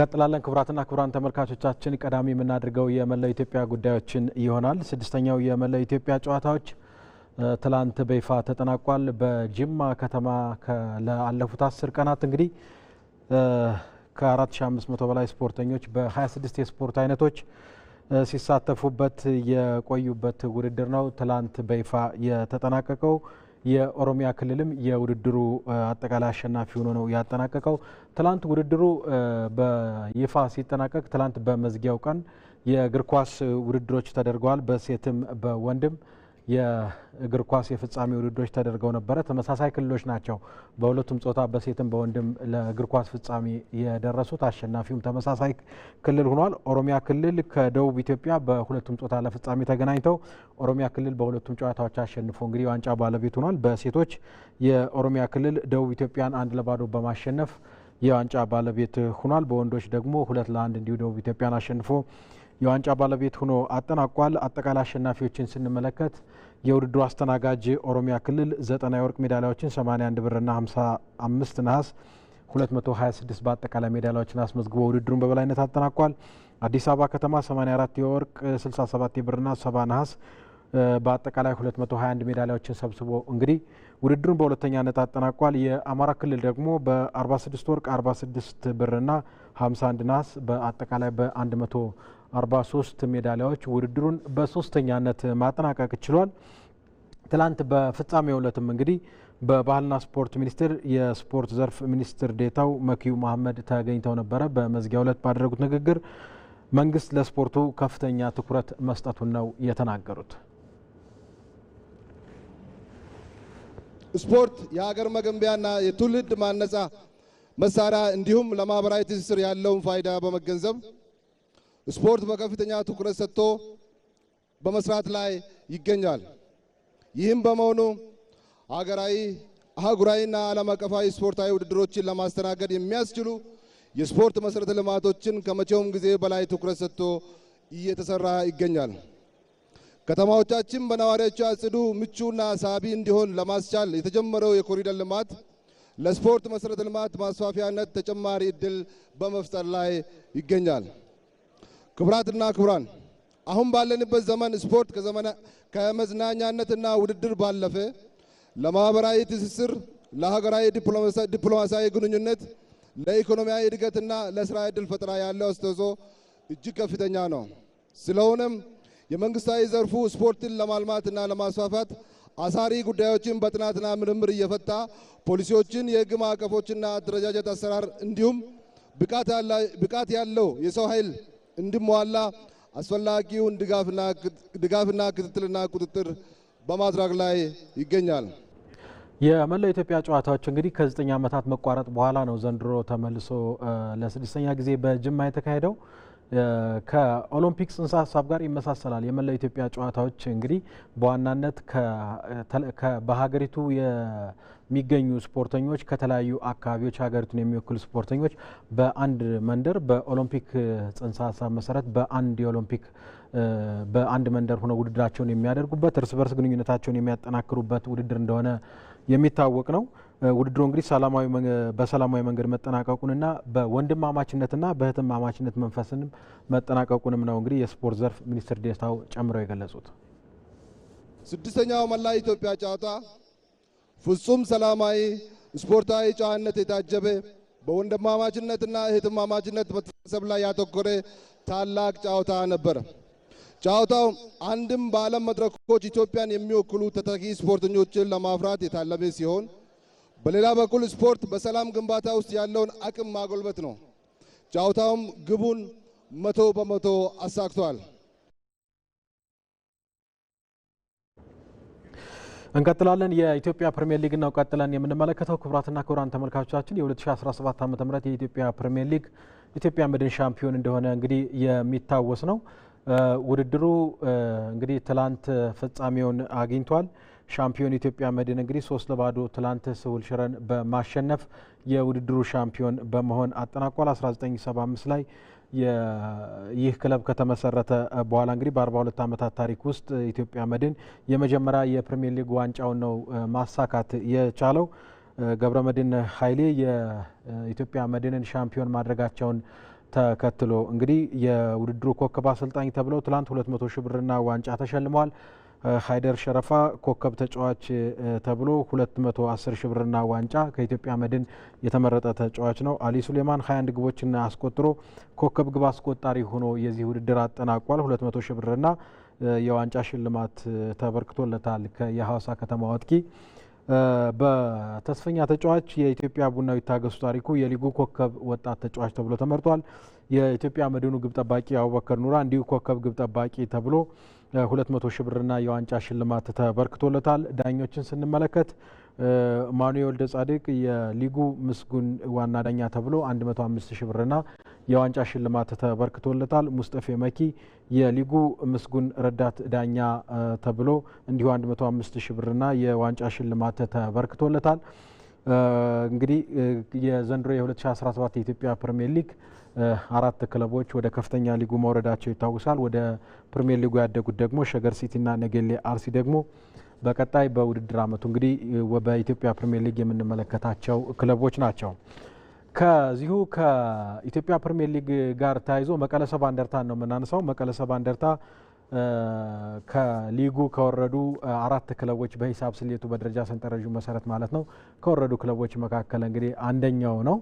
እንቀጥላለን። ክቡራትና ክቡራን ተመልካቾቻችን ቀዳሚ የምናደርገው የመላው ኢትዮጵያ ጉዳዮችን ይሆናል። ስድስተኛው የመላው ኢትዮጵያ ጨዋታዎች ትላንት በይፋ ተጠናቋል። በጅማ ከተማ ለአለፉት አስር ቀናት እንግዲህ ከ4500 በላይ ስፖርተኞች በ26 የስፖርት አይነቶች ሲሳተፉበት የቆዩበት ውድድር ነው ትላንት በይፋ የተጠናቀቀው። የኦሮሚያ ክልልም የውድድሩ አጠቃላይ አሸናፊ ሆኖ ነው ያጠናቀቀው። ትላንት ውድድሩ በይፋ ሲጠናቀቅ ትላንት በመዝጊያው ቀን የእግር ኳስ ውድድሮች ተደርገዋል። በሴትም በወንድም የእግር ኳስ የፍጻሜ ውድድሮች ተደርገው ነበረ። ተመሳሳይ ክልሎች ናቸው በሁለቱም ጾታ በሴትም በወንድም ለእግር ኳስ ፍጻሜ የደረሱት። አሸናፊውም ተመሳሳይ ክልል ሆኗል። ኦሮሚያ ክልል ከደቡብ ኢትዮጵያ በሁለቱም ጾታ ለፍጻሜ ተገናኝተው ኦሮሚያ ክልል በሁለቱም ጨዋታዎች አሸንፎ እንግዲህ ዋንጫ ባለቤት ሆኗል። በሴቶች የኦሮሚያ ክልል ደቡብ ኢትዮጵያን አንድ ለባዶ በማሸነፍ የዋንጫ ባለቤት ሆኗል። በወንዶች ደግሞ ሁለት ለአንድ እንዲሁ ደቡብ ኢትዮጵያን አሸንፎ የዋንጫ ባለቤት ሆኖ አጠናቋል። አጠቃላይ አሸናፊዎችን ስንመለከት የውድድሩ አስተናጋጅ ኦሮሚያ ክልል ዘጠና የወርቅ ሜዳሊያዎችን 81 ብርና 55 ነሐስ 226 በአጠቃላይ ሜዳሊያዎችን አስመዝግቦ ውድድሩን በበላይነት አጠናቋል። አዲስ አበባ ከተማ 84 የወርቅ 67 የብርና 70 ነሐስ በአጠቃላይ 221 ሜዳሊያዎችን ሰብስቦ እንግዲህ ውድድሩን በሁለተኛነት አጠናቋል። የአማራ ክልል ደግሞ በ46 ወርቅ 46 ብርና 51 ነሐስ በአጠቃላይ በ100 43 ሜዳሊያዎች ውድድሩን በሶስተኛነት ማጠናቀቅ ችሏል። ትላንት በፍጻሜው ዕለትም እንግዲህ በባህልና ስፖርት ሚኒስቴር የስፖርት ዘርፍ ሚኒስትር ዴታው መኪዩ መሀመድ ተገኝተው ነበረ። በመዝጊያው ዕለት ባደረጉት ንግግር መንግስት ለስፖርቱ ከፍተኛ ትኩረት መስጠቱን ነው የተናገሩት። ስፖርት የሀገር መገንቢያና የትውልድ ማነጻ መሳሪያ እንዲሁም ለማህበራዊ ትስስር ያለውን ፋይዳ በመገንዘብ ስፖርት በከፍተኛ ትኩረት ሰጥቶ በመስራት ላይ ይገኛል። ይህም በመሆኑ ሀገራዊ፣ አህጉራዊና ዓለም አቀፋዊ ስፖርታዊ ውድድሮችን ለማስተናገድ የሚያስችሉ የስፖርት መሰረተ ልማቶችን ከመቼውም ጊዜ በላይ ትኩረት ሰጥቶ እየተሰራ ይገኛል። ከተማዎቻችን በነዋሪዎቿ ጽዱ፣ ምቹና ሳቢ እንዲሆን ለማስቻል የተጀመረው የኮሪደር ልማት ለስፖርት መሰረተ ልማት ማስፋፊያነት ተጨማሪ እድል በመፍጠር ላይ ይገኛል። ክቡራትና ክቡራን አሁን ባለንበት ዘመን ስፖርት ከመዝናኛነትና ውድድር ባለፈ ለማህበራዊ ትስስር፣ ለሀገራዊ ዲፕሎማሲያዊ ግንኙነት፣ ለኢኮኖሚያዊ እድገትና ለስራ ዕድል ፈጠራ ያለው አስተዋጽኦ እጅግ ከፍተኛ ነው። ስለሆነም የመንግስታዊ ዘርፉ ስፖርትን ለማልማትና ለማስፋፋት አሳሪ ጉዳዮችን በጥናትና ምርምር እየፈታ ፖሊሲዎችን፣ የህግ ማዕቀፎችና አደረጃጀት አሰራር እንዲሁም ብቃት ያለው የሰው ኃይል እንዲሟላ አስፈላጊውን ድጋፍና ክትትልና ቁጥጥር በማድረግ ላይ ይገኛል። የመላው ኢትዮጵያ ጨዋታዎች እንግዲህ ከዘጠኝ ዓመታት መቋረጥ በኋላ ነው ዘንድሮ ተመልሶ ለስድስተኛ ጊዜ በጅማ የተካሄደው። ከኦሎምፒክ ጽንሰ ሀሳብ ጋር ይመሳሰላል። የመላው ኢትዮጵያ ጨዋታዎች እንግዲህ በዋናነት በሀገሪቱ የሚገኙ ስፖርተኞች ከተለያዩ አካባቢዎች ሀገሪቱን የሚወክሉ ስፖርተኞች በአንድ መንደር በኦሎምፒክ ጽንሰ ሀሳብ መሰረት በአንድ የኦሎምፒክ በአንድ መንደር ሆነው ውድድራቸውን የሚያደርጉበት እርስ በርስ ግንኙነታቸውን የሚያጠናክሩበት ውድድር እንደሆነ የሚታወቅ ነው። ውድድሩ እንግዲህ ሰላማዊ በሰላማዊ መንገድ መጠናቀቁንና በወንድማማችነትና በእህትማማችነት መንፈስንም መጠናቀቁንም ነው እንግዲህ የስፖርት ዘርፍ ሚኒስትር ዴኤታው ጨምረው የገለጹት። ስድስተኛው መላ ኢትዮጵያ ጨዋታ ፍጹም ሰላማዊ ስፖርታዊ ጨዋነት የታጀበ በወንድማማችነትና እህትማማችነት መተሳሰብ ላይ ያተኮረ ታላቅ ጨዋታ ነበረ። ጨዋታው አንድም በዓለም መድረኮች ኢትዮጵያን የሚወክሉ ተተኪ ስፖርተኞችን ለማፍራት የታለመ ሲሆን በሌላ በኩል ስፖርት በሰላም ግንባታ ውስጥ ያለውን አቅም ማጎልበት ነው። ጨዋታውም ግቡን መቶ በመቶ አሳክቷል። እንቀጥላለን። የኢትዮጵያ ፕሪሚየር ሊግ ነው ቀጥለን የምንመለከተው። ክቡራትና ክቡራን ተመልካቾቻችን የ2017 ም የኢትዮጵያ ፕሪምየር ሊግ ኢትዮጵያ መድን ሻምፒዮን እንደሆነ እንግዲህ የሚታወስ ነው። ውድድሩ እንግዲህ ትላንት ፍጻሜውን አግኝቷል። ሻምፒዮን ኢትዮጵያ መድን እንግዲህ ሶስት ለባዶ ትላንት ስውል ሽረን በማሸነፍ የውድድሩ ሻምፒዮን በመሆን አጠናቋል። 1975 ላይ ይህ ክለብ ከተመሰረተ በኋላ እንግዲህ በአርባ ሁለት ዓመታት ታሪክ ውስጥ ኢትዮጵያ መድን የመጀመሪያ የፕሪሚየር ሊግ ዋንጫውን ነው ማሳካት የቻለው። ገብረ መድን ኃይሌ የኢትዮጵያ መድንን ሻምፒዮን ማድረጋቸውን ተከትሎ እንግዲህ የውድድሩ ኮከብ አሰልጣኝ ተብለው ትላንት 200 ሺህ ብርና ዋንጫ ተሸልመዋል። ሀይደር ሸረፋ ኮከብ ተጫዋች ተብሎ 210 ሺ ብርና ዋንጫ ከኢትዮጵያ መድን የተመረጠ ተጫዋች ነው። አሊ ሱሌማን 21 ግቦችን አስቆጥሮ ኮከብ ግብ አስቆጣሪ ሆኖ የዚህ ውድድር አጠናቋል። 200 ሺ ብርና የዋንጫ ሽልማት ተበርክቶለታል። የሐዋሳ ከተማ አጥቂ በተስፈኛ ተጫዋች የኢትዮጵያ ቡናዊ ታገሱ ታሪኩ የሊጉ ኮከብ ወጣት ተጫዋች ተብሎ ተመርጧል። የኢትዮጵያ መድኑ ግብ ጠባቂ አቡበከር ኑራ እንዲሁ ኮከብ ግብ ጠባቂ ተብሎ ሁለት ሺህ ብርና የዋንጫ ሽልማት ተበርክቶለታል። ዳኞችን ስንመለከት ማኑኤል ወልደ ጻድቅ የሊጉ ምስጉን ዋና ዳኛ ተብሎ 105 ሺህ ብርና የዋንጫ ሽልማት ተበርክቶለታል። ሙስጠፌ መኪ የሊጉ ምስጉን ረዳት ዳኛ ተብሎ እንዲሁ 105 ሺህ ብርና የዋንጫ ሽልማት ተበርክቶለታል። እንግዲህ የዘንድሮ የ2017 የኢትዮጵያ ፕሪምየር ሊግ አራት ክለቦች ወደ ከፍተኛ ሊጉ መውረዳቸው ይታወሳል። ወደ ፕሪሚየር ሊጉ ያደጉት ደግሞ ሸገር ሲቲና ነገሌ አርሲ ደግሞ በቀጣይ በውድድር ዓመቱ እንግዲህ በኢትዮጵያ ፕሪሚየር ሊግ የምንመለከታቸው ክለቦች ናቸው። ከዚሁ ከኢትዮጵያ ፕሪሚየር ሊግ ጋር ተያይዞ መቀለ ሰባ እንደርታ ነው የምናነሳው። መቀለ ሰባ እንደርታ ከሊጉ ከወረዱ አራት ክለቦች በሂሳብ ስሌቱ በደረጃ ሰንጠረዡ መሰረት ማለት ነው ከወረዱ ክለቦች መካከል እንግዲህ አንደኛው ነው።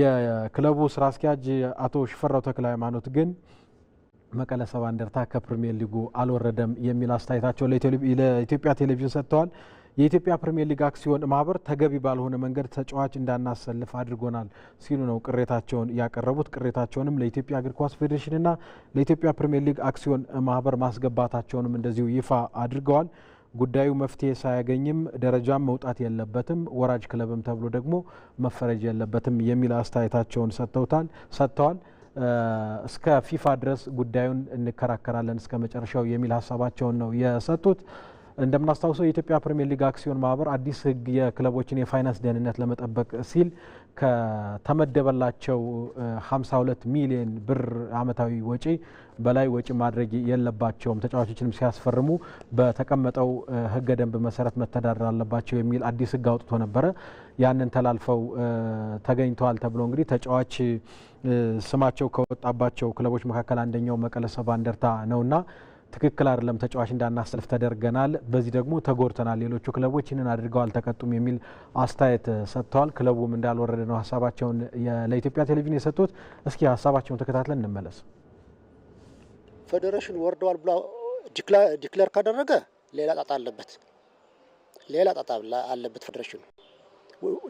የክለቡ ስራ አስኪያጅ አቶ ሽፈራው ተክለ ሃይማኖት ግን መቀለ ሰባ እንደርታ ከፕሪሚየር ሊጉ አልወረደም የሚል አስተያየታቸው ለኢትዮጵያ ቴሌቪዥን ሰጥተዋል። የኢትዮጵያ ፕሪሚየር ሊግ አክሲዮን ማህበር ተገቢ ባልሆነ መንገድ ተጫዋች እንዳናሰልፍ አድርጎናል ሲሉ ነው ቅሬታቸውን ያቀረቡት። ቅሬታቸውንም ለኢትዮጵያ እግር ኳስ ፌዴሬሽንና ለኢትዮጵያ ፕሪሚየር ሊግ አክሲዮን ማህበር ማስገባታቸውንም እንደዚሁ ይፋ አድርገዋል። ጉዳዩ መፍትሄ ሳያገኝም ደረጃም መውጣት የለበትም ወራጅ ክለብም ተብሎ ደግሞ መፈረጅ የለበትም የሚል አስተያየታቸውን ሰጥተዋል። እስከ ፊፋ ድረስ ጉዳዩን እንከራከራለን እስከ መጨረሻው የሚል ሀሳባቸውን ነው የሰጡት። እንደምናስታውሰው የኢትዮጵያ ፕሪምየር ሊግ አክሲዮን ማህበር አዲስ ህግ የክለቦችን የፋይናንስ ደህንነት ለመጠበቅ ሲል ከተመደበላቸው 52 ሚሊዮን ብር አመታዊ ወጪ በላይ ወጪ ማድረግ የለባቸውም፣ ተጫዋቾችንም ሲያስፈርሙ በተቀመጠው ህገ ደንብ መሰረት መተዳደር አለባቸው የሚል አዲስ ህግ አውጥቶ ነበረ። ያንን ተላልፈው ተገኝተዋል ተብሎ እንግዲህ ተጫዋች ስማቸው ከወጣባቸው ክለቦች መካከል አንደኛው መቀለ ሰባ እንደርታ ነውና ትክክል አይደለም ተጫዋች እንዳናሰልፍ ተደርገናል፣ በዚህ ደግሞ ተጎድተናል፣ ሌሎቹ ክለቦች ይህንን አድርገው አልተቀጡም የሚል አስተያየት ሰጥተዋል። ክለቡም እንዳልወረደ ነው ሀሳባቸውን ለኢትዮጵያ ቴሌቪዥን የሰጡት። እስኪ ሀሳባቸውን ተከታትለን እንመለስ። ፌዴሬሽን ወርደዋል ብሎ ዲክለር ካደረገ ሌላ ጣጣ አለበት፣ ሌላ ጣጣ አለበት ፌዴሬሽኑ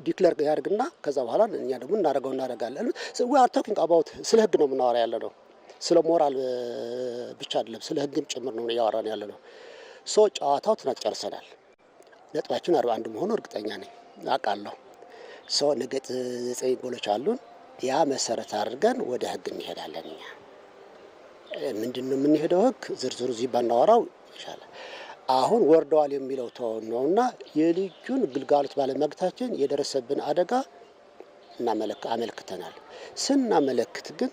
ዲክለር ያደርግና ከዛ በኋላ እኛ ደግሞ እናደርገው እናደርጋለን። ስለ ህግ ነው የምናወራ ያለ ነው ስለ ሞራል ብቻ አይደለም፣ ስለ ህግም ጭምር ነው እያወራን ያለ ነው። ሶ ጨዋታው ትናንት ጨርሰናል። ነጥባችን አርባ አንድ መሆኑ እርግጠኛ ነኝ አውቃለሁ። ሶ ነገ ዘጠኝ ጎሎች አሉን። ያ መሰረት አድርገን ወደ ህግ እንሄዳለን። እኛ ምንድን ነው የምንሄደው? ህግ ዝርዝሩ እዚህ ባናወራው ይሻላል። አሁን ወርደዋል የሚለው ነው ነውና የልጁን ግልጋሎት ባለመግታችን የደረሰብን አደጋ አመልክተናል። ስናመለክት ግን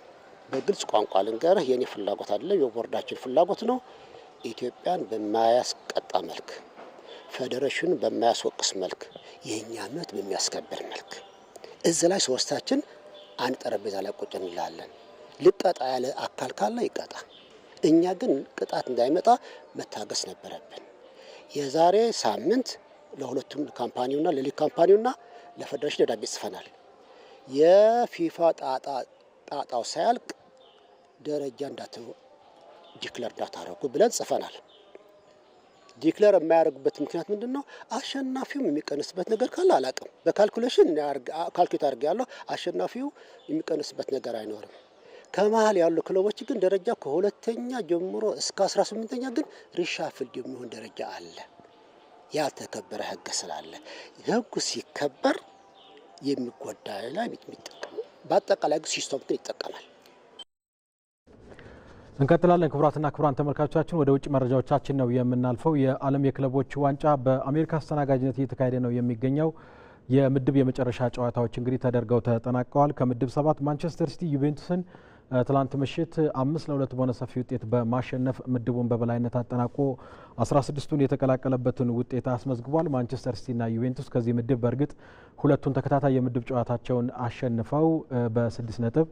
በግልጽ ቋንቋ ልንገርህ፣ የኔ ፍላጎት አይደለም፣ የቦርዳችን ፍላጎት ነው። ኢትዮጵያን በማያስቀጣ መልክ፣ ፌዴሬሽኑን በማያስወቅስ መልክ፣ የእኛ መብት በሚያስከብር መልክ እዚህ ላይ ሶስታችን አንድ ጠረጴዛ ላይ ቁጭ እንላለን። ልቀጣ ያለ አካል ካለ ይቀጣ። እኛ ግን ቅጣት እንዳይመጣ መታገስ ነበረብን። የዛሬ ሳምንት ለሁለቱም ካምፓኒውና ለሊግ ካምፓኒውና ለፌዴሬሽን ደብዳቤ ጽፈናል። የፊፋ ጣጣ ጣጣው ሳያልቅ ደረጃ እንዳትኑ ዲክለር እንዳታረጉ ብለን ጽፈናል። ዲክለር የማያደርጉበት ምክንያት ምንድን ነው? አሸናፊውም የሚቀንስበት ነገር ካለ አላቅም። በካልኩሌሽን ካልኩሌት አድርጌ ያለው አሸናፊው የሚቀንስበት ነገር አይኖርም። ከመሀል ያሉ ክለቦች ግን ደረጃ ከሁለተኛ ጀምሮ እስከ አስራ ስምንተኛ ግን ሪሻፍልድ የሚሆን ደረጃ አለ። ያልተከበረ ህግ ስላለ ህጉ ሲከበር የሚጎዳ ላይ የሚጠቀሙ በአጠቃላይ ሲስተም ግን ይጠቀማል። እንቀጥላለን። ክቡራትና ክቡራን ተመልካቾቻችን ወደ ውጭ መረጃዎቻችን ነው የምናልፈው። የዓለም የክለቦች ዋንጫ በአሜሪካ አስተናጋጅነት እየተካሄደ ነው የሚገኘው። የምድብ የመጨረሻ ጨዋታዎች እንግዲህ ተደርገው ተጠናቀዋል። ከምድብ ሰባት ማንቸስተር ሲቲ ዩቬንቱስን ትላንት ምሽት አምስት ለሁለት በሆነ ሰፊ ውጤት በማሸነፍ ምድቡን በበላይነት አጠናቆ አስራ ስድስቱን የተቀላቀለበትን ውጤት አስመዝግቧል። ማንቸስተር ሲቲና ዩቬንቱስ ከዚህ ምድብ በእርግጥ ሁለቱን ተከታታይ የምድብ ጨዋታቸውን አሸንፈው በስድስት ነጥብ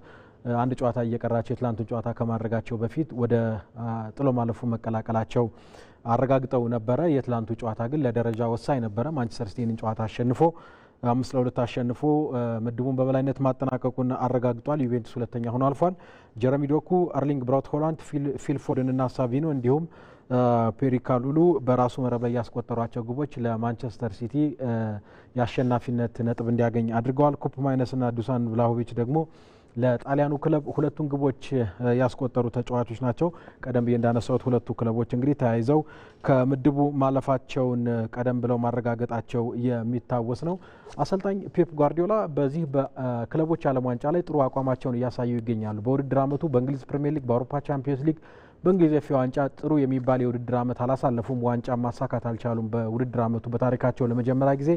አንድ ጨዋታ እየቀራቸው የትላንቱን ጨዋታ ከማድረጋቸው በፊት ወደ ጥሎ ማለፉ መቀላቀላቸው አረጋግጠው ነበረ። የትላንቱ ጨዋታ ግን ለደረጃ ወሳኝ ነበረ። ማንቸስተር ሲቲን ጨዋታ አሸንፎ አምስት ለሁለት አሸንፎ ምድቡን በበላይነት ማጠናቀቁን አረጋግጧል። ዩቬንቱስ ሁለተኛ ሆኖ አልፏል። ጀረሚ ዶኩ፣ አርሊንግ ብራውት ሆላንድ፣ እና ሳቪኖ እንዲሁም ፔሪካሉሉ በራሱ መረብ ላይ ያስቆጠሯቸው ግቦች ለማንቸስተር ሲቲ የአሸናፊነት ነጥብ እንዲያገኝ አድርገዋል። ኩፕ ማይነስና ዱሳን ብላሆቪች ደግሞ ለጣሊያኑ ክለብ ሁለቱን ግቦች ያስቆጠሩ ተጫዋቾች ናቸው። ቀደም ብዬ እንዳነሳሁት ሁለቱ ክለቦች እንግዲህ ተያይዘው ከምድቡ ማለፋቸውን ቀደም ብለው ማረጋገጣቸው የሚታወስ ነው። አሰልጣኝ ፔፕ ጓርዲዮላ በዚህ በክለቦች ዓለም ዋንጫ ላይ ጥሩ አቋማቸውን እያሳዩ ይገኛሉ። በውድድር ዓመቱ በእንግሊዝ ፕሪምየር ሊግ፣ በአውሮፓ ቻምፒየንስ ሊግ በእንግሊዝ ኤፍ ኤ ዋንጫ ጥሩ የሚባል የውድድር ዓመት አላሳለፉም። ዋንጫ ማሳካት አልቻሉም። በውድድር ዓመቱ በታሪካቸው ለመጀመሪያ ጊዜ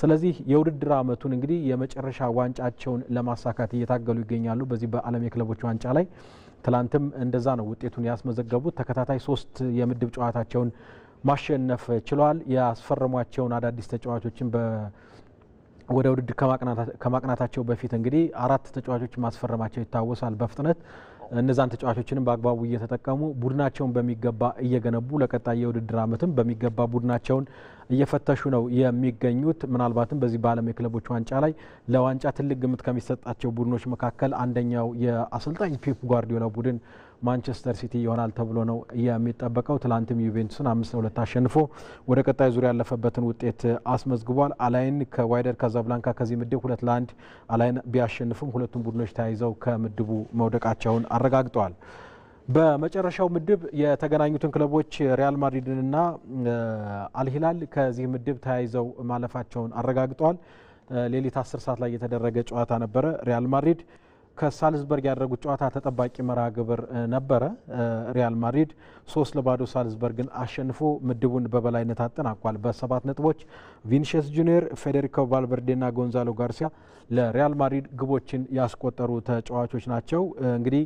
ስለዚህ የውድድር ዓመቱን እንግዲህ የመጨረሻ ዋንጫቸውን ለማሳካት እየታገሉ ይገኛሉ። በዚህ በዓለም የክለቦች ዋንጫ ላይ ትላንትም እንደዛ ነው ውጤቱን ያስመዘገቡት። ተከታታይ ሶስት የምድብ ጨዋታቸውን ማሸነፍ ችለዋል። ያስፈረሟቸውን አዳዲስ ተጫዋቾችን ወደ ውድድር ከማቅናታቸው በፊት እንግዲህ አራት ተጫዋቾች ማስፈረማቸው ይታወሳል በፍጥነት እነዛን ተጫዋቾችንም በአግባቡ እየተጠቀሙ ቡድናቸውን በሚገባ እየገነቡ ለቀጣይ የውድድር አመትም በሚገባ ቡድናቸውን እየፈተሹ ነው የሚገኙት። ምናልባትም በዚህ በዓለም የክለቦች ዋንጫ ላይ ለዋንጫ ትልቅ ግምት ከሚሰጣቸው ቡድኖች መካከል አንደኛው የአሰልጣኝ ፔፕ ጓርዲዮላ ቡድን ማንቸስተር ሲቲ ይሆናል ተብሎ ነው የሚጠበቀው። ትላንትም ዩቬንቱስን አምስት ለሁለት አሸንፎ ወደ ቀጣይ ዙሪያ ያለፈበትን ውጤት አስመዝግቧል። አላይን ከዋይደር ካዛብላንካ ከዚህ ምድብ ሁለት ለአንድ አላይን ቢያሸንፍም ሁለቱም ቡድኖች ተያይዘው ከምድቡ መውደቃቸውን አረጋግጠዋል። በመጨረሻው ምድብ የተገናኙትን ክለቦች ሪያል ማድሪድንና አልሂላል ከዚህ ምድብ ተያይዘው ማለፋቸውን አረጋግጠዋል። ሌሊት አስር ሰዓት ላይ የተደረገ ጨዋታ ነበረ ሪያል ማድሪድ ከሳልዝበርግ ያደረጉት ጨዋታ ተጠባቂ መርሃ ግብር ነበረ። ሪያል ማድሪድ ሶስት ለባዶ ሳልዝበርግን አሸንፎ ምድቡን በበላይነት አጠናቋል በሰባት ነጥቦች። ቪኒሽስ ጁኒየር፣ ፌዴሪኮ ቫልቨርዴና ጎንዛሎ ጋርሲያ ለሪያል ማድሪድ ግቦችን ያስቆጠሩ ተጫዋቾች ናቸው። እንግዲህ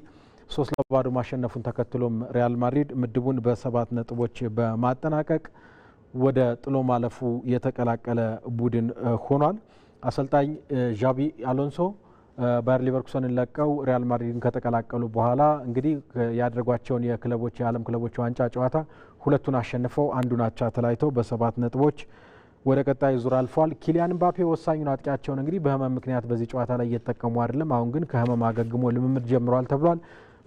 ሶስት ለባዶ ማሸነፉን ተከትሎም ሪያል ማድሪድ ምድቡን በሰባት ነጥቦች በማጠናቀቅ ወደ ጥሎ ማለፉ የተቀላቀለ ቡድን ሆኗል። አሰልጣኝ ዣቢ አሎንሶ ባየር ሊቨርኩሰንን ለቀው ሪያል ማድሪድን ከተቀላቀሉ በኋላ እንግዲህ ያደረጓቸውን የክለቦች የዓለም ክለቦች ዋንጫ ጨዋታ ሁለቱን አሸንፈው አንዱን አቻ ተለያይተው በሰባት ነጥቦች ወደ ቀጣይ ዙር አልፏል። ኪሊያን ምባፔ ወሳኙን አጥቂያቸውን እንግዲህ በህመም ምክንያት በዚህ ጨዋታ ላይ እየተጠቀሙ አይደለም። አሁን ግን ከህመም አገግሞ ልምምድ ጀምሯል ተብሏል።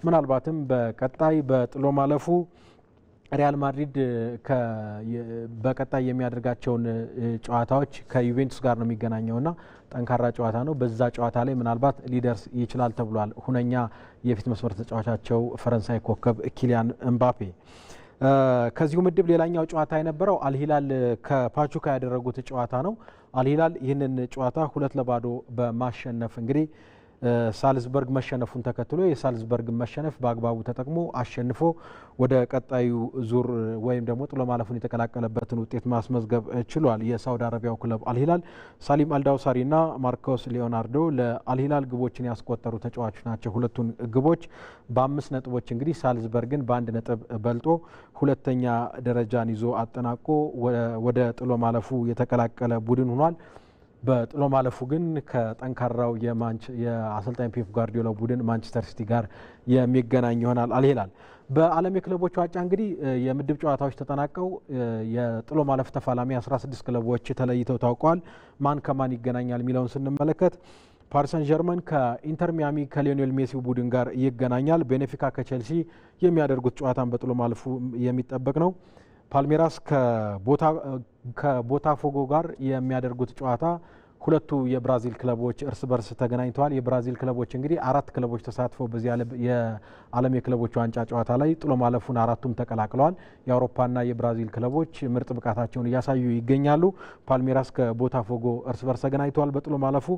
ምናልባትም በቀጣይ በጥሎ ማለፉ ሪያል ማድሪድ በቀጣይ የሚያደርጋቸውን ጨዋታዎች ከዩቬንቱስ ጋር ነው ና ጠንካራ ጨዋታ ነው። በዛ ጨዋታ ላይ ምናልባት ሊደርስ ይችላል ተብሏል። ሁነኛ የፊት መስመር ተጫዋቻቸው ፈረንሳይ ኮከብ ኪሊያን እምባፔ። ከዚሁ ምድብ ሌላኛው ጨዋታ የነበረው አልሂላል ከፓቹካ ያደረጉት ጨዋታ ነው። አልሂላል ይህንን ጨዋታ ሁለት ለባዶ በማሸነፍ እንግዲህ ሳልዝበርግ መሸነፉን ተከትሎ የሳልዝበርግ መሸነፍ በአግባቡ ተጠቅሞ አሸንፎ ወደ ቀጣዩ ዙር ወይም ደግሞ ጥሎ ማለፉን የተቀላቀለበትን ውጤት ማስመዝገብ ችሏል። የሳውዲ አረቢያው ክለብ አልሂላል ሳሊም አልዳውሳሪና ማርኮስ ሊዮናርዶ ለአልሂላል ግቦችን ያስቆጠሩ ተጫዋቾች ናቸው። ሁለቱን ግቦች በአምስት ነጥቦች እንግዲህ ሳልዝበርግን በአንድ ነጥብ በልጦ ሁለተኛ ደረጃን ይዞ አጠናቆ ወደ ጥሎ ማለፉ የተቀላቀለ ቡድን ሆኗል። በጥሎ ማለፉ ግን ከጠንካራው የአሰልጣኝ ፔፕ ጓርዲዮላ ቡድን ማንቸስተር ሲቲ ጋር የሚገናኝ ይሆናል። አልሂላል በዓለም የክለቦች ዋንጫ እንግዲህ የምድብ ጨዋታዎች ተጠናቀው የጥሎ ማለፍ ተፋላሚ 16 ክለቦች ተለይተው ታውቀዋል። ማን ከማን ይገናኛል የሚለውን ስንመለከት ፓሪሰን ጀርመን ከኢንተር ሚያሚ ከሊዮኔል ሜሲ ቡድን ጋር ይገናኛል። ቤኔፊካ ከቼልሲ የሚያደርጉት ጨዋታን በጥሎ ማለፉ የሚጠበቅ ነው። ፓልሜራስ ከቦታፎጎ ጋር የሚያደርጉት ጨዋታ ሁለቱ የብራዚል ክለቦች እርስ በርስ ተገናኝተዋል። የብራዚል ክለቦች እንግዲህ አራት ክለቦች ተሳትፈው በዚህ የዓለም የክለቦች ዋንጫ ጨዋታ ላይ ጥሎ ማለፉን አራቱም ተቀላቅለዋል። የአውሮፓና የብራዚል ክለቦች ምርጥ ብቃታቸውን እያሳዩ ይገኛሉ። ፓልሜራስ ከቦታፎጎ እርስ በርስ ተገናኝተዋል በጥሎ ማለፉ።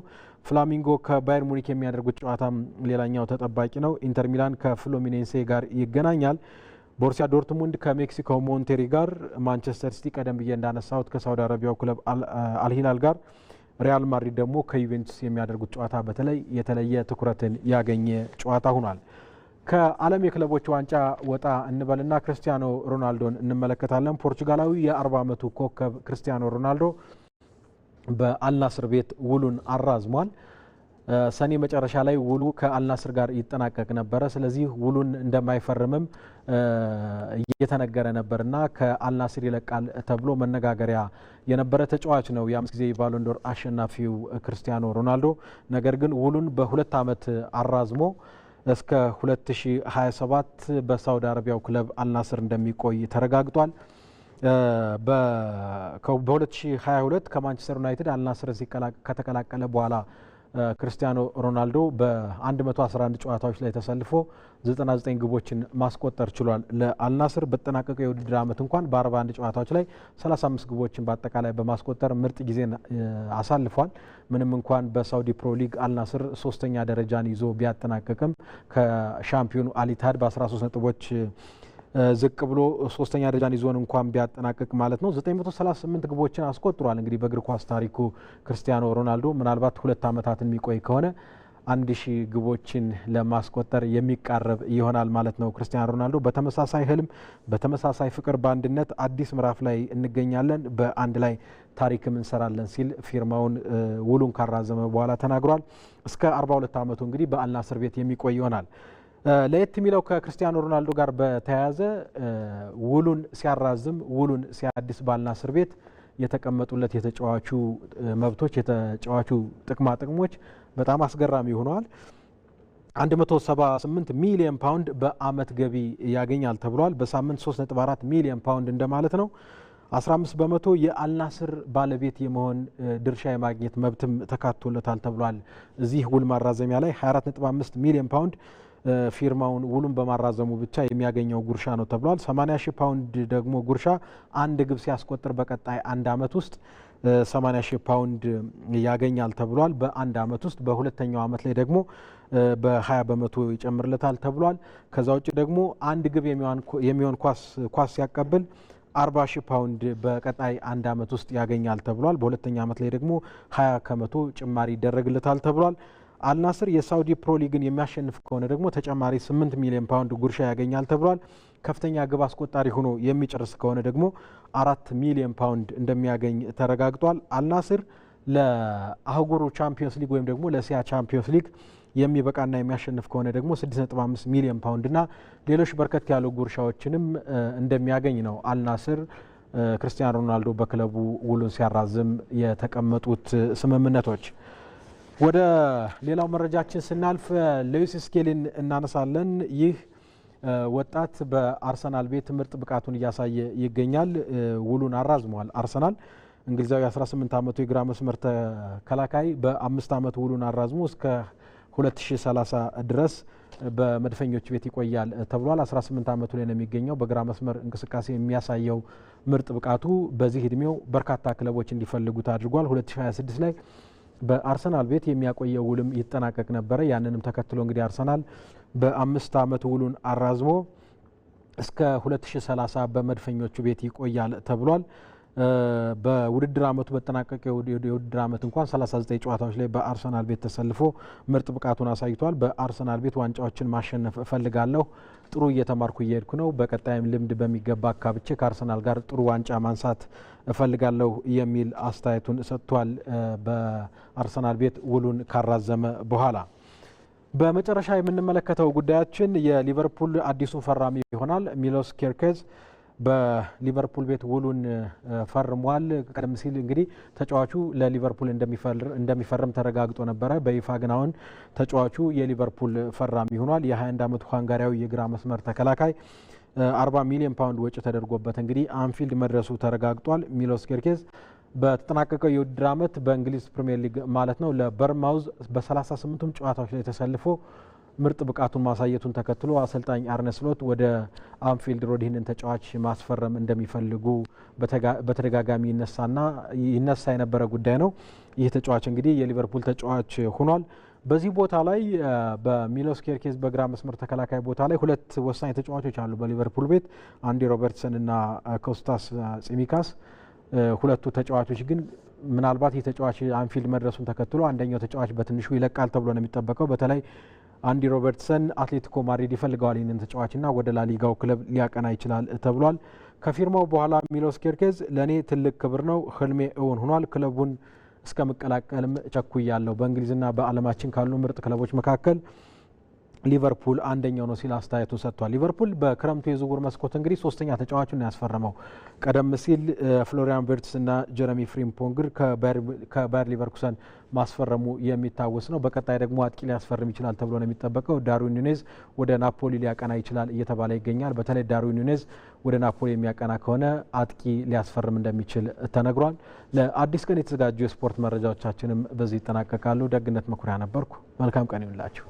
ፍላሚንጎ ከባየር ሙኒክ የሚያደርጉት ጨዋታም ሌላኛው ተጠባቂ ነው። ኢንተር ሚላን ከፍሎሚኔንሴ ጋር ይገናኛል። ቦርሲያ ዶርትሙንድ ከሜክሲኮ ሞንቴሪ ጋር፣ ማንቸስተር ሲቲ ቀደም ብዬ እንዳነሳሁት ከሳውዲ አረቢያው ክለብ አልሂላል ጋር፣ ሪያል ማድሪድ ደግሞ ከዩቬንቱስ የሚያደርጉት ጨዋታ በተለይ የተለየ ትኩረትን ያገኘ ጨዋታ ሆኗል። ከዓለም የክለቦች ዋንጫ ወጣ እንበልና ክርስቲያኖ ሮናልዶን እንመለከታለን። ፖርቹጋላዊ የ40 ዓመቱ ኮከብ ክርስቲያኖ ሮናልዶ በአልናስር ቤት ውሉን አራዝሟል። ሰኔ መጨረሻ ላይ ውሉ ከአልናስር ጋር ይጠናቀቅ ነበረ። ስለዚህ ውሉን እንደማይፈርምም እየተነገረ ነበርና ከአልናስር ይለቃል ተብሎ መነጋገሪያ የነበረ ተጫዋች ነው የአምስት ጊዜ ባሎንዶር አሸናፊው ክርስቲያኖ ሮናልዶ። ነገር ግን ውሉን በሁለት ዓመት አራዝሞ እስከ 2027 በሳውዲ አረቢያው ክለብ አልናስር እንደሚቆይ ተረጋግጧል። በ2022 ከማንቸስተር ዩናይትድ አልናስርን ከተቀላቀለ በኋላ ክርስቲያኖ ሮናልዶ በ111 ጨዋታዎች ላይ ተሰልፎ 99 ግቦችን ማስቆጠር ችሏል። ለአልናስር በተጠናቀቀው የውድድር ዓመት እንኳን በ41 ጨዋታዎች ላይ 35 ግቦችን በአጠቃላይ በማስቆጠር ምርጥ ጊዜን አሳልፏል። ምንም እንኳን በሳውዲ ፕሮ ሊግ አልናስር ሶስተኛ ደረጃን ይዞ ቢያጠናቀቅም ከሻምፒዮኑ አሊታድ በ13 ነጥቦች ዝቅ ብሎ ሶስተኛ ደረጃን ይዞን እንኳን ቢያጠናቅቅ ማለት ነው 938 ግቦችን አስቆጥሯል። እንግዲህ በእግር ኳስ ታሪኩ ክርስቲያኖ ሮናልዶ ምናልባት ሁለት ዓመታት የሚቆይ ከሆነ አንድ ሺ ግቦችን ለማስቆጠር የሚቃረብ ይሆናል ማለት ነው። ክርስቲያኖ ሮናልዶ በተመሳሳይ ህልም፣ በተመሳሳይ ፍቅር፣ በአንድነት አዲስ ምዕራፍ ላይ እንገኛለን፣ በአንድ ላይ ታሪክም እንሰራለን ሲል ፊርማውን ውሉን ካራዘመ በኋላ ተናግሯል። እስከ 42 ዓመቱ እንግዲህ በአልናስር ቤት የሚቆይ ይሆናል። ለየት የሚለው ከክርስቲያኖ ሮናልዶ ጋር በተያያዘ ውሉን ሲያራዝም ውሉን ሲያድስ ባልና እስር ቤት የተቀመጡለት የተጫዋቹ መብቶች የተጫዋቹ ጥቅማ ጥቅሞች በጣም አስገራሚ ሆነዋል። 178 ሚሊዮን ፓውንድ በአመት ገቢ ያገኛል ተብሏል። በሳምንት 3.4 ሚሊዮን ፓውንድ እንደማለት ነው። 15 በመቶ የአልናስር ባለቤት የመሆን ድርሻ የማግኘት መብትም ተካቶለታል ተብሏል። እዚህ ውል ማራዘሚያ ላይ 24.5 ሚሊዮን ፓውንድ ፊርማውን ውሉን በማራዘሙ ብቻ የሚያገኘው ጉርሻ ነው ተብሏል። 80 ሺህ ፓውንድ ደግሞ ጉርሻ አንድ ግብ ሲያስቆጥር በቀጣይ አንድ ዓመት ውስጥ 80 ሺህ ፓውንድ ያገኛል ተብሏል። በአንድ ዓመት ውስጥ በሁለተኛው ዓመት ላይ ደግሞ በ20 በመቶ ይጨምርለታል ተብሏል። ከዛ ውጭ ደግሞ አንድ ግብ የሚሆን ኳስ ሲያቀብል 40 ሺህ ፓውንድ በቀጣይ አንድ ዓመት ውስጥ ያገኛል ተብሏል። በሁለተኛ ዓመት ላይ ደግሞ 20 ከመቶ ጭማሪ ይደረግለታል ተብሏል። አልናስር የሳውዲ ፕሮ ሊግን የሚያሸንፍ ከሆነ ደግሞ ተጨማሪ 8 ሚሊዮን ፓውንድ ጉርሻ ያገኛል ተብሏል። ከፍተኛ ግብ አስቆጣሪ ሆኖ የሚጨርስ ከሆነ ደግሞ አራት ሚሊዮን ፓውንድ እንደሚያገኝ ተረጋግጧል። አልናስር ለአህጉሩ ቻምፒዮንስ ሊግ ወይም ደግሞ ለእስያ ቻምፒዮንስ ሊግ የሚበቃና የሚያሸንፍ ከሆነ ደግሞ 6.5 ሚሊዮን ፓውንድና ሌሎች በርከት ያሉ ጉርሻዎችንም እንደሚያገኝ ነው አልናስር ክርስቲያኖ ሮናልዶ በክለቡ ውሉን ሲያራዝም የተቀመጡት ስምምነቶች ወደ ሌላው መረጃችን ስናልፍ ሌዊስ ስኬሊን እናነሳለን። ይህ ወጣት በአርሰናል ቤት ምርጥ ብቃቱን እያሳየ ይገኛል። ውሉን አራዝመዋል አርሰናል። እንግሊዛዊ 18 ዓመቱ የግራ መስመር ተከላካይ በአምስት ዓመት ውሉን አራዝሞ እስከ 2030 ድረስ በመድፈኞች ቤት ይቆያል ተብሏል። 18 ዓመቱ ላይ ነው የሚገኘው። በግራ መስመር እንቅስቃሴ የሚያሳየው ምርጥ ብቃቱ በዚህ እድሜው በርካታ ክለቦች እንዲፈልጉት አድርጓል። 2026 ላይ በአርሰናል ቤት የሚያቆየው ውልም ይጠናቀቅ ነበረ። ያንንም ተከትሎ እንግዲህ አርሰናል በአምስት ዓመት ውሉን አራዝሞ እስከ 2030 በመድፈኞቹ ቤት ይቆያል ተብሏል። በውድድር አመቱ በጠናቀቀ የውድድር አመት እንኳን 39 ጨዋታዎች ላይ በአርሰናል ቤት ተሰልፎ ምርጥ ብቃቱን አሳይቷል። በአርሰናል ቤት ዋንጫዎችን ማሸነፍ እፈልጋለሁ። ጥሩ እየተማርኩ እየሄድኩ ነው። በቀጣይም ልምድ በሚገባ አካብቼ ከአርሰናል ጋር ጥሩ ዋንጫ ማንሳት እፈልጋለሁ የሚል አስተያየቱን ሰጥቷል። በአርሰናል ቤት ውሉን ካራዘመ በኋላ በመጨረሻ የምንመለከተው ጉዳያችን የሊቨርፑል አዲሱ ፈራሚ ይሆናል ሚሎስ ኬርኬዝ በሊቨርፑል ቤት ውሉን ፈርሟል። ቀደም ሲል እንግዲህ ተጫዋቹ ለሊቨርፑል እንደሚፈርም ተረጋግጦ ነበረ። በይፋ ግን አሁን ተጫዋቹ የሊቨርፑል ፈራሚ ሆኗል። የ21 ዓመቱ ሃንጋሪያዊ የግራ መስመር ተከላካይ 40 ሚሊዮን ፓውንድ ወጪ ተደርጎበት እንግዲህ አንፊልድ መድረሱ ተረጋግጧል። ሚሎስ ኬርኬዝ በተጠናቀቀው የውድድር ዓመት በእንግሊዝ ፕሪምየር ሊግ ማለት ነው ለበርማውዝ በ38ቱም ጨዋታዎች ላይ ተሰልፎ ምርጥ ብቃቱን ማሳየቱን ተከትሎ አሰልጣኝ አርነስሎት ወደ አንፊልድ ሮድ ይህንን ተጫዋች ማስፈረም እንደሚፈልጉ በተደጋጋሚ ይነሳና ይነሳ የነበረ ጉዳይ ነው። ይህ ተጫዋች እንግዲህ የሊቨርፑል ተጫዋች ሆኗል። በዚህ ቦታ ላይ በሚሎስ ኬርኬዝ በግራ መስመር ተከላካይ ቦታ ላይ ሁለት ወሳኝ ተጫዋቾች አሉ በሊቨርፑል ቤት አንዲ ሮበርትሰን እና ኮስታስ ጺሚካስ። ሁለቱ ተጫዋቾች ግን ምናልባት ይህ ተጫዋች አንፊልድ መድረሱን ተከትሎ አንደኛው ተጫዋች በትንሹ ይለቃል ተብሎ ነው የሚጠበቀው በተለይ አንዲ ሮበርትሰን አትሌቲኮ ማድሪድ ይፈልገዋል ይህንን ተጫዋችና ወደ ላሊጋው ክለብ ሊያቀና ይችላል ተብሏል። ከፊርማው በኋላ ሚሎስ ኬርኬዝ ለእኔ ትልቅ ክብር ነው፣ ህልሜ እውን ሆኗል፣ ክለቡን እስከ መቀላቀልም ቸኩያለሁ። በእንግሊዝና በዓለማችን ካሉ ምርጥ ክለቦች መካከል ሊቨርፑል አንደኛው ነው ሲል አስተያየቱን ሰጥቷል። ሊቨርፑል በክረምቱ የዝውውር መስኮት እንግዲህ ሶስተኛ ተጫዋቹን ያስፈረመው ቀደም ሲል ፍሎሪያን ቬርትስ እና ጀረሚ ፍሪምፖንግር ከባየር ሊቨርኩሰን ማስፈረሙ የሚታወስ ነው። በቀጣይ ደግሞ አጥቂ ሊያስፈርም ይችላል ተብሎ ነው የሚጠበቀው። ዳርዊን ኑኔዝ ወደ ናፖሊ ሊያቀና ይችላል እየተባለ ይገኛል። በተለይ ዳርዊን ኑኔዝ ወደ ናፖሊ የሚያቀና ከሆነ አጥቂ ሊያስፈርም እንደሚችል ተነግሯል። ለአዲስ ቀን የተዘጋጁ የስፖርት መረጃዎቻችንም በዚህ ይጠናቀቃሉ። ደግነት መኩሪያ ነበርኩ። መልካም ቀን ይሁንላችሁ።